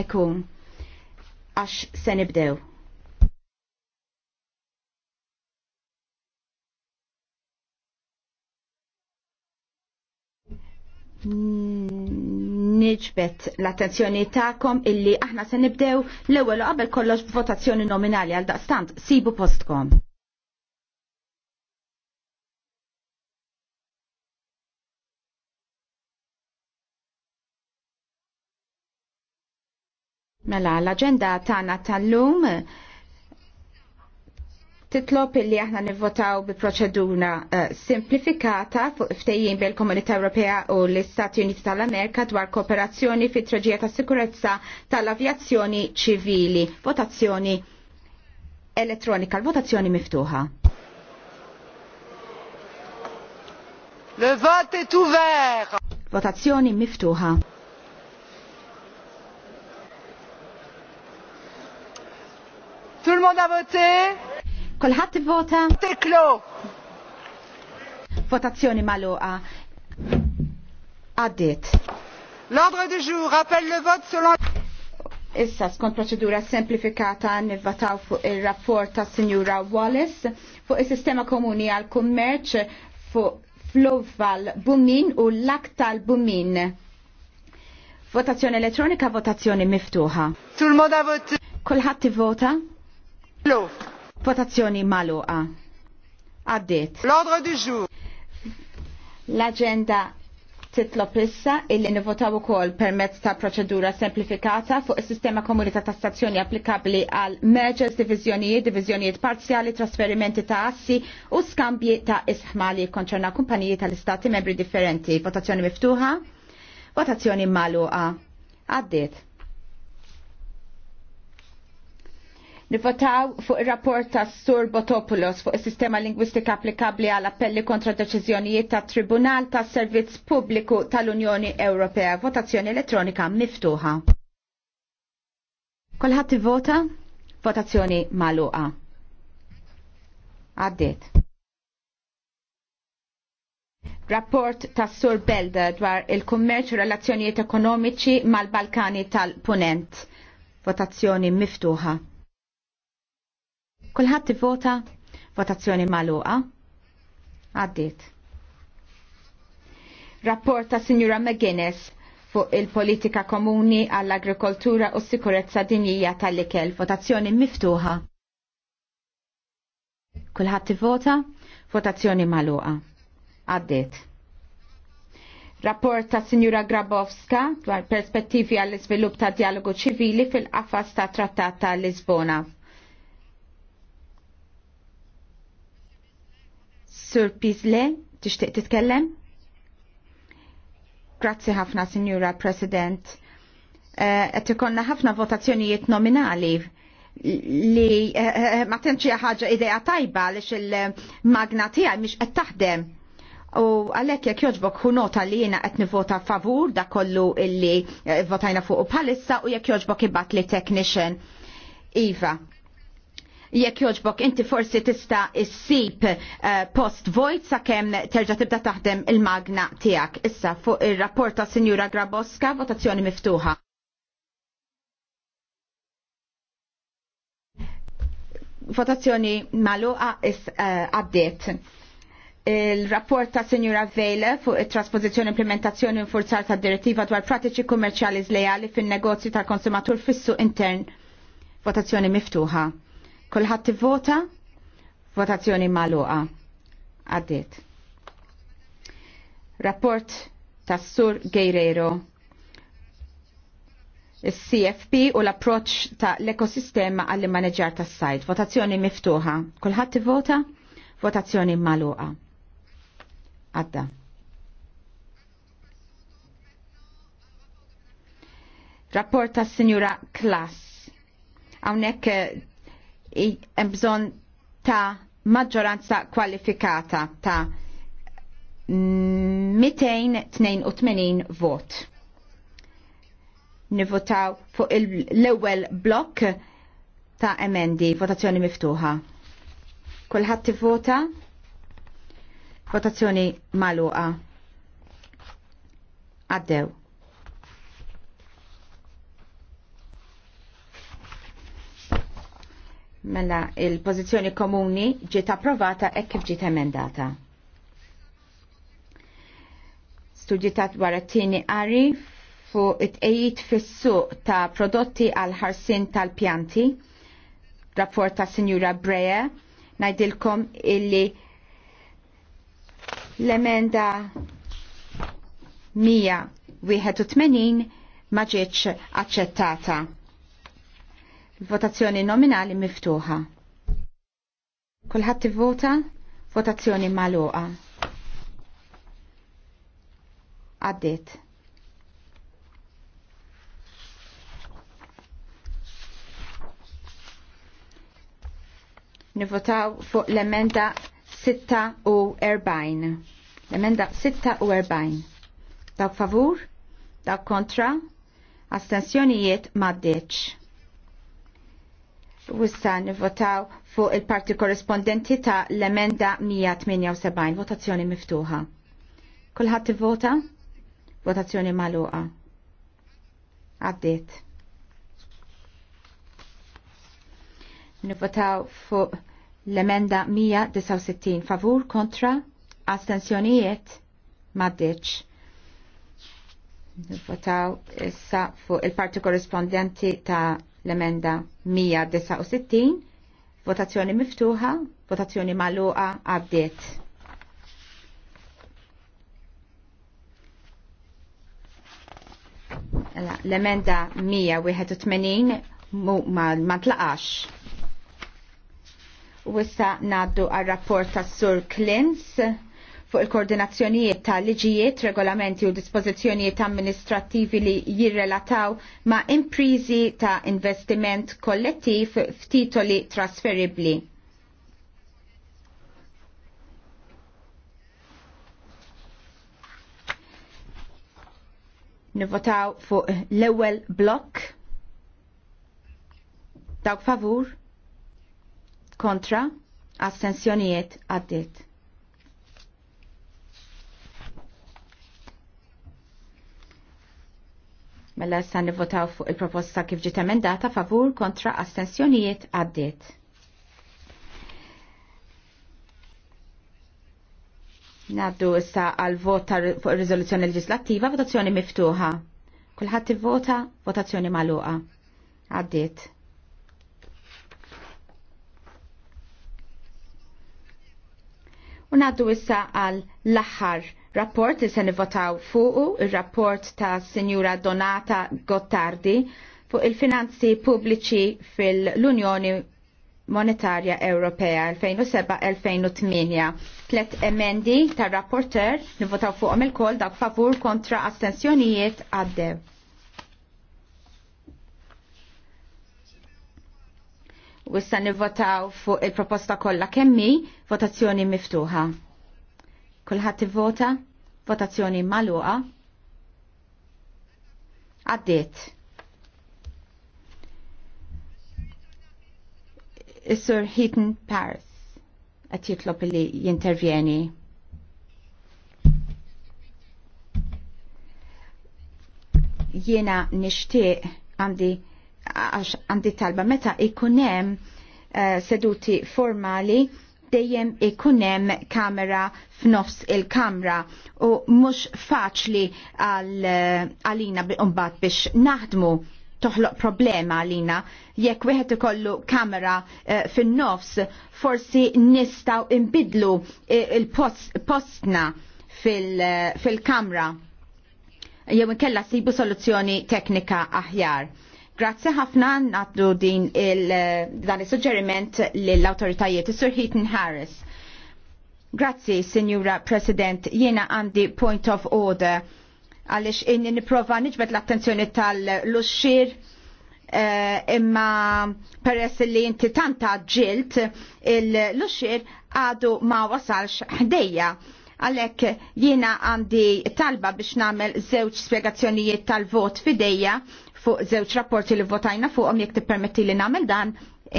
ekkum għax se nibdew. Nġbet l-attenzjoni ta'kom illi aħna se nibdew l-ewwel qabel kollox b'votazzjoni nominali għal daqstant sibu postkom. Mela, l-agenda tagħna tal-lum titlob illi aħna nivvotaw bi proċedura uh, simplifikata fuq ftejjin bil komunità Ewropea u l-Istati Uniti tal-Amerika dwar kooperazzjoni fit traġija ta' sikurezza tal-avjazzjoni ċivili. Votazzjoni elettronika, l-votazzjoni miftuħa. Le vote est ouvert. Votazzjoni miftuħa. Tout le monde a voté? Kolħat vota? Teklo! Votazzjoni maluqa. Għaddit. L'ordre du jour rappelle le vote selon... Issa, skont procedura semplifikata nivvataw fuq il-rapport ta' Signora Wallace fuq il-sistema komuni għal kummerċ fuq flowval bumin u laktal bumin. Votazzjoni elettronika, votazzjoni miftuħa. Tul moda vot. Kolħat vota? Votazzjoni maluqa. Għaddit. L'ordre du jour. L-agenda titlob issa illi nivotaw ukoll permezz ta' proċedura semplifikata fuq is-sistema komunità ta' stazzjoni applikabbli għal mergers, diviżjonijiet, diviżjonijiet parzjali, trasferimenti ta' assi u skambji ta' isħmali konċerna kumpaniji tal-istati membri differenti. Votazzjoni miftuħa, votazzjoni maluqa. Għaddiet. Nivotaw fuq il-rapport ta' Sur Botopoulos fuq il-sistema lingwistika applikabli għal appelli kontra deċiżjonijiet ta' Tribunal ta' Servizz Pubbliku tal-Unjoni Ewropea. Votazzjoni elettronika miftuħa. Kolħat vota? Votazzjoni maluqa. Għaddit. Rapport ta' Sur Belda dwar il-kummerċ u relazzjonijiet ekonomiċi mal-Balkani tal-Punent. Votazzjoni miftuħa. Kulħadd ivvota votazzjoni magħluqa. Għaddiet. Rapport ta' Signora McGuinness fuq il-politika komuni għall-agrikoltura u s-sikurezza dinjija tal-ikel. Votazzjoni miftuħa. Kulħadd ivvota votazzjoni magħluqa. Għaddiet. Rapport ta' Sinjura Grabowska dwar perspettivi għall-iżvilupp ta' dialogu ċivili fil-qafas ta' Trattat ta' Lisbona. Sur Pizle, tixtieq titkellem? Grazzi ħafna, Signora President. Eh, qed ikollna ħafna votazzjonijiet nominali li eh, eh, ma tenċi ħaġa idea tajba għaliex il-magna tiegħi mhix qed taħdem. U għalhekk jekk jogħġbok hu nota li jiena qed nivota favur da kollu illi votajna fuq bħalissa u jekk jogħġbok ibat li technician. Iva, jekk joġbok inti forsi tista issib eh, post vojt sakemm terġa' tibda taħdem il-magna tiegħek. Issa fuq ir-rapport ta' Sinjura Graboska votazzjoni miftuħa. Votazzjoni maluqa is eh, għaddiet. Il-rapport ta' Sinjura Vejle fuq it-trasposizjoni implementazzjoni u forzar ta' direttiva dwar pratiċi kummerċjali zlejali fin-negozju tal-konsumatur fis-suq intern. Votazzjoni miftuħa. Kulħadd tivvota? Votazzjoni magħluqa. Għaddit. Rapport tas-Sur Gejrero. Is-CFP u l-approċċ ta' l-ekosistema għall maneġġar tas-sajt. Votazzjoni miftuħa. Kulħadd tivvota? Votazzjoni magħluqa. Għadda. Rapport tas-Sinjura Klass. Hawnhekk eh, hemm bżonn ta' maġġoranza kwalifikata ta' 282 vot. Nivotaw fuq l-ewwel blokk ta' emendi, votazzjoni miftuħa. Kulħadd tivvota? Votazzjoni magħluqa. Addew. Mela il-pożizzjoni komuni ġiet approvata e kif ġiet emendata. Studji ta' dwar it-tieni qari fuq it-tqejjid fis-suq ta' prodotti għal ħarsin tal-pjanti. Rapport ta' Sinjura Breja ngħidilkom illi l-emenda 181 ma ġietx aċċettata. Votazzjoni nominali miftuħa. Kulħadd tivvota? Votazzjoni magħluqa. Għaddiet. Nivotaw fuq l-emenda 46. L-emenda 46. Dawk favur? Dawk kontra? Astensjonijiet maddeċ. Wissa nivotaw fuq il-parti korrespondenti ta' l-emenda 178, votazzjoni miftuħa. Kulħadd vota? Votazzjoni magħluqa. Għaddiet. Nivotaw fuq l-emenda 169 favur kontra astensjonijiet maddeċ. Votaw issa fuq il-parti korrispondenti ta' l-emenda 169. Votazzjoni miftuħa, votazzjoni maluqa għaddiet. Mela, l-emenda 181 ma, ma tlaqax. U issa naddu għal rapport tas Sur Klins fuq il-koordinazzjonijiet ta' liġijiet, regolamenti u dispożizzjonijiet amministrattivi li jirrelataw ma' imprizi ta' investiment kollettiv f'titoli trasferibli. Nivotaw fuq l-ewwel blokk. Dawk favur? Kontra? Astensjonijiet għaddit. Mela issa nivvotaw fuq il-proposta kif ġiet emendata favur kontra astensjonijiet għaddiet. Naddu issa għal vot fuq il riżoluzzjoni leġislattiva votazzjoni miftuħa. Kulħadd ivvota votazzjoni magħluqa. Għaddiet. U naddu issa għal l-aħħar rapport li se nivotaw fuqu, il-rapport ta' Sinjura Donata Gottardi fuq il-finanzi pubbliċi fil-Unjoni Monetarja Ewropea 2007-2008. Tlet emendi ta' rapporter nivotaw fuqhom il-kol dak favur kontra astensjonijiet għaddew. Wissa nivotaw fuq il-proposta kollha kemmi votazzjoni miftuħa. Kulħadd ivvota? Votazzjoni magħluqa. Għaddiet. Is-Sur Heaton Paris qed jitlob li jintervjeni. Jiena nixtieq għandi għandi talba meta ikunem hemm uh, seduti formali dejjem ikunem kamera f'nofs il-kamra u mhux faċli eh, għalina mbagħad biex naħdmu toħloq problema għalina jekk wieħed ikollu kamera eh, fin-nofs forsi nistgħu imbidlu eh, il-postna fil-kamra jew inkella sibu soluzzjoni teknika aħjar Grazzi ħafna naddu din il, dan il-suġġeriment l-autoritajiet, Sir Heaton Harris. Grazzi, Signora President, jiena għandi point of order għalix inni niprofa niġbed l-attenzjoni tal-luxxir eh, imma peress li inti tanta ġilt il luxxir għadu ma wasalx ħdejja Għalek jiena għandi talba biex namel zewċ spiegazzjonijiet tal-vot fideja fuq zewċ rapporti li votajna fuqom jek permetti li namel dan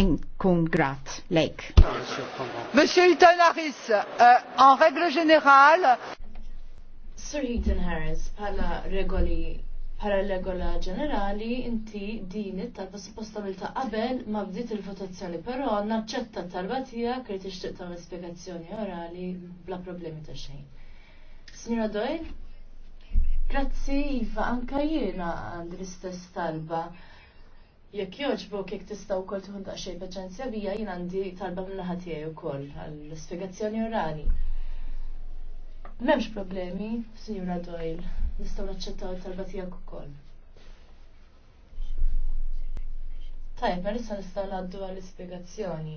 inkun grat lejk. Monsieur Hilton Harris, euh, en règle générale. Sir Hilton Harris, pala regoli Bħala regola ġenerali, inti din it-talba suppostabilta qabel ma bdiet il-votazzjoni, però naċċetta t-talba tiegħek li tixtieq tagħmel spjegazzjoni orali bla problemi ta' xejn. Signora Doyle, grazzi Iva, anka jiena għandi l-istess talba. Jekk jogħġbok jekk tista' wkoll tieħu daqsxejn paċenzja bija jiena għandi talba mill-naħa tiegħi wkoll għall-spjegazzjoni orali. Memx problemi, Signora Doyle, nistaw naċċettaw il-talba kukol. ukoll. Tajb, ma nista' naddu ngħaddu għall-ispjegazzjoni.